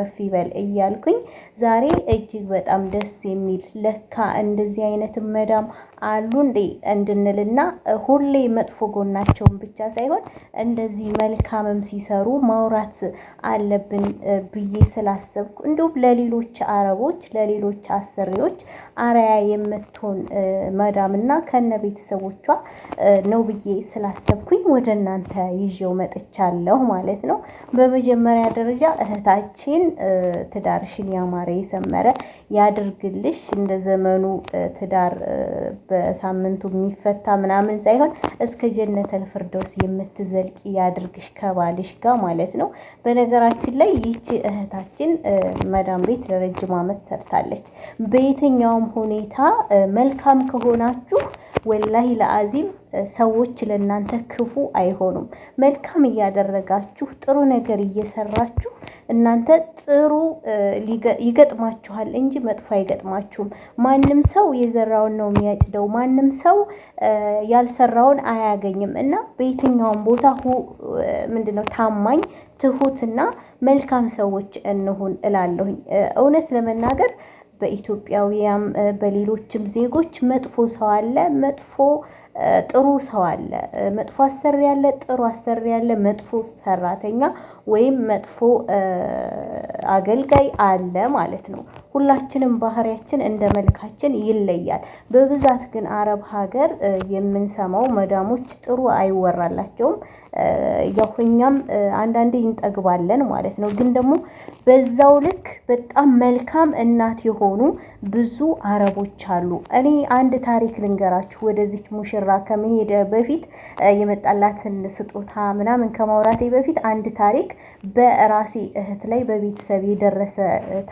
ከፍ ይበል እያልኩኝ ዛሬ እጅግ በጣም ደስ የሚል ለካ እንደዚህ አይነት መዳም አሉ እንዴ እንድንልና ሁሌ መጥፎ ጎናቸውን ብቻ ሳይሆን እንደዚህ መልካምም ሲሰሩ ማውራት አለብን ብዬ ስላሰብኩ እንዲሁም ለሌሎች አረቦች ለሌሎች አሰሪዎች አርያ የምትሆን መዳም እና ከነ ቤተሰቦቿ ነው ብዬ ስላሰብኩኝ ወደ እናንተ ይዤው መጥቻለሁ ማለት ነው። በመጀመሪያ ደረጃ እህታችን ትዳርሽን ያማረ የሰመረ ያድርግልሽ እንደ ዘመኑ ትዳር በሳምንቱ የሚፈታ ምናምን ሳይሆን እስከ ጀነት ልፍርዶስ የምትዘልቅ ያድርግሽ ከባልሽ ጋር ማለት ነው። በነገራችን ላይ ይቺ እህታችን መዳም ቤት ለረጅም ዓመት ሰርታለች። በየትኛውም ሁኔታ መልካም ከሆናችሁ ወላሂ ለአዚም ሰዎች ለእናንተ ክፉ አይሆኑም። መልካም እያደረጋችሁ ጥሩ ነገር እየሰራችሁ እናንተ ጥሩ ይገጥማችኋል እንጂ መጥፎ አይገጥማችሁም። ማንም ሰው የዘራውን ነው የሚያጭደው። ማንም ሰው ያልሰራውን አያገኝም እና በየትኛውም ቦታ ምንድነው ታማኝ ትሁትና መልካም ሰዎች እንሁን እላለሁኝ። እውነት ለመናገር በኢትዮጵያውያም በሌሎችም ዜጎች መጥፎ ሰው አለ፣ መጥፎ ጥሩ ሰው አለ፣ መጥፎ አሰሪ ያለ፣ ጥሩ አሰሪ ያለ፣ መጥፎ ሰራተኛ ወይም መጥፎ አገልጋይ አለ ማለት ነው። ሁላችንም ባህሪያችን እንደ መልካችን ይለያል። በብዛት ግን አረብ ሀገር የምንሰማው መዳሞች ጥሩ አይወራላቸውም። ያው እኛም አንዳንዴ እንጠግባለን ማለት ነው። ግን ደግሞ በዛው ልክ በጣም መልካም እናት የሆኑ ብዙ አረቦች አሉ። እኔ አንድ ታሪክ ልንገራችሁ። ወደዚች ሙሽራ ከመሄደ በፊት የመጣላትን ስጦታ ምናምን ከማውራቴ በፊት አንድ ታሪክ በራሴ እህት ላይ በቤተሰብ የደረሰ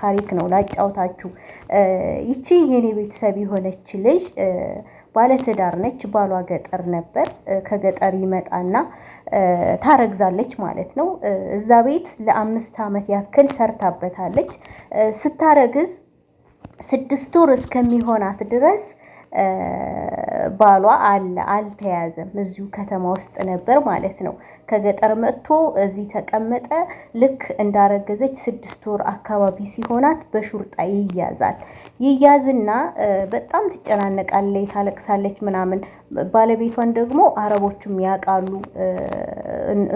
ታሪክ ነው ላጫውታችሁ። ይቺ የኔ ቤተሰብ የሆነች ልጅ ባለትዳር ነች። ባሏ ገጠር ነበር። ከገጠር ይመጣና ታረግዛለች ማለት ነው። እዛ ቤት ለአምስት ዓመት ያክል ሰርታበታለች። ስታረግዝ ስድስት ወር እስከሚሆናት ድረስ ባሏ አለ አልተያዘም። እዚሁ ከተማ ውስጥ ነበር ማለት ነው። ከገጠር መጥቶ እዚህ ተቀመጠ። ልክ እንዳረገዘች ስድስት ወር አካባቢ ሲሆናት በሹርጣ ይያዛል። ይያዝና በጣም ትጨናነቃለች፣ ታለቅሳለች ምናምን ባለቤቷን ደግሞ አረቦችም ያውቃሉ፣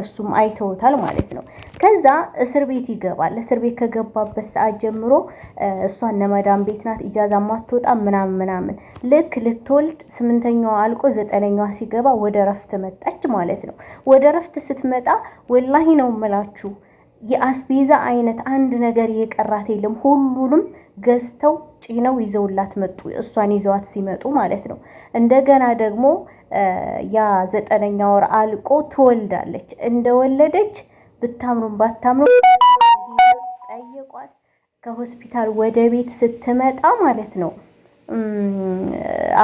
እሱም አይተውታል ማለት ነው። ከዛ እስር ቤት ይገባል። እስር ቤት ከገባበት ሰዓት ጀምሮ እሷን ነመዳን ቤት ናት፣ ኢጃዛ ማትወጣ ምናምን ምናምን። ልክ ልትወልድ ስምንተኛዋ አልቆ ዘጠነኛዋ ሲገባ ወደ እረፍት መጣች ማለት ነው። ወደ እረፍት ስትመጣ ወላሂ ነው የምላችሁ የአስቤዛ አይነት አንድ ነገር የቀራት የለም። ሁሉንም ገዝተው ጭነው ይዘውላት መጡ። እሷን ይዘዋት ሲመጡ ማለት ነው። እንደገና ደግሞ ያ ዘጠነኛ ወር አልቆ ትወልዳለች። እንደወለደች ብታምኑም ባታምኑ ጠየቋት። ከሆስፒታል ወደ ቤት ስትመጣ ማለት ነው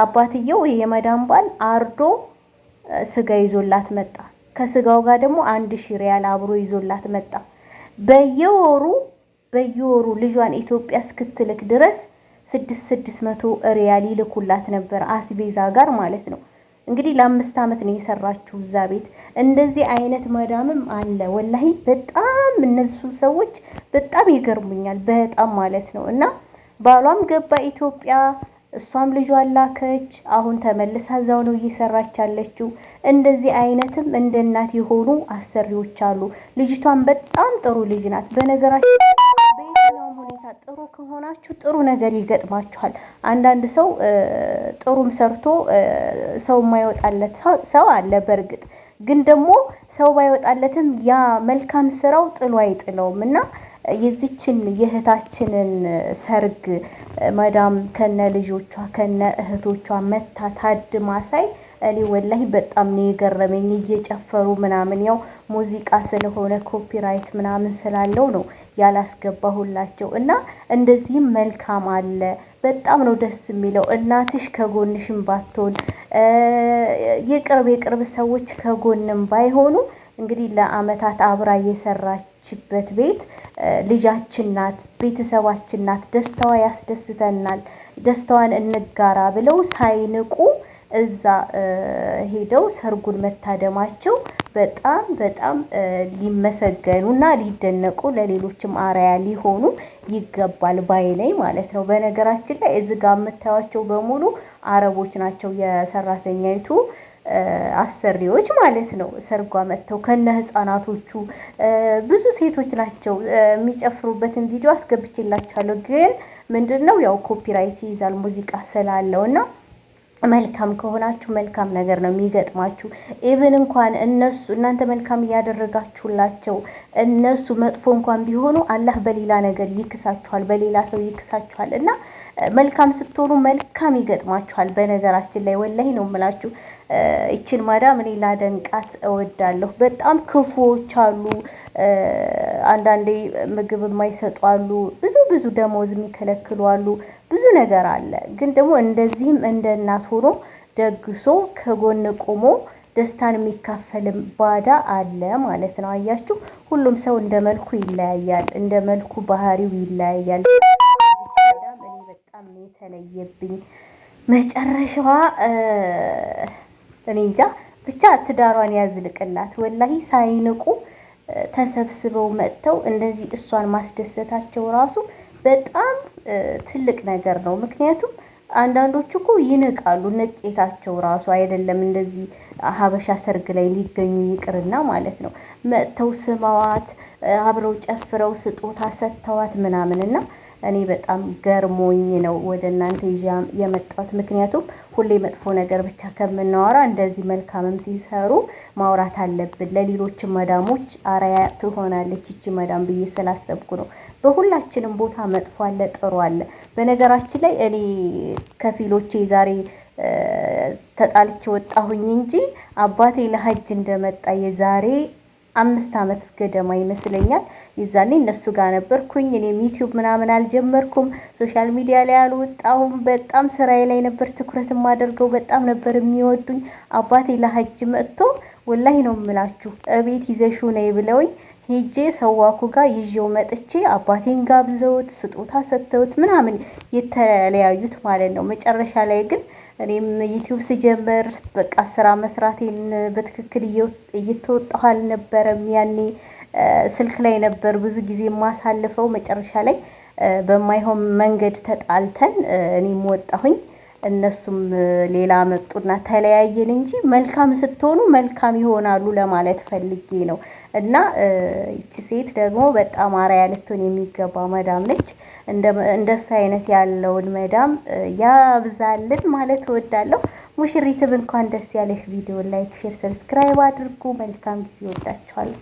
አባትየው የመዳን ባል አርዶ ስጋ ይዞላት መጣ። ከስጋው ጋር ደግሞ አንድ ሺ ሪያል አብሮ ይዞላት መጣ። በየወሩ በየወሩ ልጇን ኢትዮጵያ እስክትልክ ድረስ ስድስት ስድስት መቶ ሪያል ይልኩላት ነበር አስቤዛ ጋር ማለት ነው። እንግዲህ ለአምስት ዓመት ነው የሰራችው እዛ ቤት። እንደዚህ አይነት መዳምም አለ ወላሂ። በጣም እነሱ ሰዎች በጣም ይገርሙኛል፣ በጣም ማለት ነው። እና ባሏም ገባ ኢትዮጵያ እሷም ልጇ ላከች። አሁን ተመልሳ እዛው ነው እየሰራች ያለችው። እንደዚህ አይነትም እንደ እናት የሆኑ አሰሪዎች አሉ። ልጅቷን በጣም ጥሩ ልጅ ናት። በነገራችን በየትኛውም ሁኔታ ጥሩ ከሆናችሁ ጥሩ ነገር ይገጥማችኋል። አንዳንድ ሰው ጥሩም ሰርቶ ሰው የማይወጣለት ሰው አለ በእርግጥ ግን ደግሞ ሰው ባይወጣለትም ያ መልካም ስራው ጥሎ አይጥለውም እና የዚችን የእህታችንን ሰርግ መዳም ከነ ልጆቿ ከነ እህቶቿ መታ ታድማ ሳይ እኔ ወላሂ በጣም ነው የገረመኝ። እየጨፈሩ ምናምን ያው ሙዚቃ ስለሆነ ኮፒራይት ምናምን ስላለው ነው ያላስገባሁላቸው እና እንደዚህም መልካም አለ። በጣም ነው ደስ የሚለው። እናትሽ ከጎንሽም ባትሆን የቅርብ የቅርብ ሰዎች ከጎንም ባይሆኑ እንግዲህ ለአመታት አብራ የሰራችበት ቤት ልጃችን ናት፣ ቤተሰባችን ናት፣ ደስታዋ ያስደስተናል፣ ደስታዋን እንጋራ ብለው ሳይንቁ እዛ ሄደው ሰርጉን መታደማቸው በጣም በጣም ሊመሰገኑ እና ሊደነቁ ለሌሎችም አርአያ ሊሆኑ ይገባል ባይ ነኝ ማለት ነው። በነገራችን ላይ እዚህ ጋር የምታዩቸው በሙሉ አረቦች ናቸው የሰራተኛይቱ አሰሪዎች ማለት ነው። ሰርጓ መጥተው ከነ ህፃናቶቹ ብዙ ሴቶች ናቸው የሚጨፍሩበትን ቪዲዮ አስገብቼላችኋለሁ። ግን ምንድን ነው ያው ኮፒራይት ይይዛል ሙዚቃ ስላለው እና መልካም ከሆናችሁ መልካም ነገር ነው የሚገጥማችሁ። ኢቭን እንኳን እነሱ እናንተ መልካም እያደረጋችሁላቸው እነሱ መጥፎ እንኳን ቢሆኑ አላህ በሌላ ነገር ይክሳችኋል፣ በሌላ ሰው ይክሳችኋል እና መልካም ስትሆኑ መልካም ይገጥማችኋል። በነገራችን ላይ ወላሂ ነው የምላችሁ። ይችን ማዳም እኔ ላደንቃት እወዳለሁ። በጣም ክፉዎች አሉ። አንዳንዴ ምግብ የማይሰጡ አሉ። ብዙ ብዙ ደሞዝ የሚከለክሉ አሉ። ብዙ ነገር አለ። ግን ደግሞ እንደዚህም እንደ እናት ሆኖ ደግሶ ከጎን ቆሞ ደስታን የሚካፈልም ባዳ አለ ማለት ነው። አያችሁ፣ ሁሉም ሰው እንደ መልኩ ይለያያል፣ እንደ መልኩ ባህሪው ይለያያል። በጣም ነው የተለየብኝ። መጨረሻዋ እኔ እንጃ ብቻ ትዳሯን ያዝልቅላት። ወላሂ ሳይንቁ ተሰብስበው መጥተው እንደዚህ እሷን ማስደሰታቸው ራሱ በጣም ትልቅ ነገር ነው። ምክንያቱም አንዳንዶቹ እኮ ይንቃሉ። ነጭታቸው ራሱ አይደለም እንደዚህ ሀበሻ ሰርግ ላይ ሊገኙ ይቅርና ማለት ነው መጥተው ስማዋት አብረው ጨፍረው ስጦታ ሰጥተዋት ምናምን እና እኔ በጣም ገርሞኝ ነው ወደ እናንተ ይዤ የመጣሁት። ምክንያቱም ሁሌ መጥፎ ነገር ብቻ ከምናወራ እንደዚህ መልካምም ሲሰሩ ማውራት አለብን። ለሌሎች መዳሞች አርአያ ትሆናለች ይቺ መዳም ብዬ ስላሰብኩ ነው። በሁላችንም ቦታ መጥፎ አለ፣ ጥሩ አለ። በነገራችን ላይ እኔ ከፊሎቼ ዛሬ ተጣልቼ ወጣሁኝ እንጂ አባቴ ለሀጅ እንደመጣ የዛሬ አምስት ዓመት ገደማ ይመስለኛል የዛኔ እነሱ ጋር ነበርኩኝ። እኔም ዩቲዩብ ምናምን አልጀመርኩም፣ ሶሻል ሚዲያ ላይ አልወጣሁም። በጣም ስራዬ ላይ ነበር ትኩረት የማደርገው። በጣም ነበር የሚወዱኝ። አባቴ ለሀጅ መጥቶ ወላሂ ነው የምላችሁ እቤት ይዘሹ ነይ ብለውኝ ሄጄ ሰዋኩ ጋር ይዤው መጥቼ አባቴን ጋብዘውት ስጦታ ሰጥተውት ምናምን የተለያዩት ማለት ነው። መጨረሻ ላይ ግን እኔም ዩቲዩብ ስጀምር በቃ ስራ መስራቴን በትክክል እየተወጣሁ አልነበረም ያኔ ስልክ ላይ ነበር ብዙ ጊዜ የማሳልፈው። መጨረሻ ላይ በማይሆን መንገድ ተጣልተን እኔም ወጣሁኝ፣ እነሱም ሌላ መጡና ተለያየን እንጂ መልካም ስትሆኑ መልካም ይሆናሉ ለማለት ፈልጌ ነው። እና ይቺ ሴት ደግሞ በጣም አርአያ ልትሆን የሚገባ መዳም ነች። እንደሱ አይነት ያለውን መዳም ያብዛልን ማለት እወዳለሁ። ሙሽሪትም እንኳን ደስ ያለሽ። ቪዲዮ ላይክ፣ ሼር፣ ሰብስክራይብ አድርጉ። መልካም ጊዜ። ወዳችኋለሁ።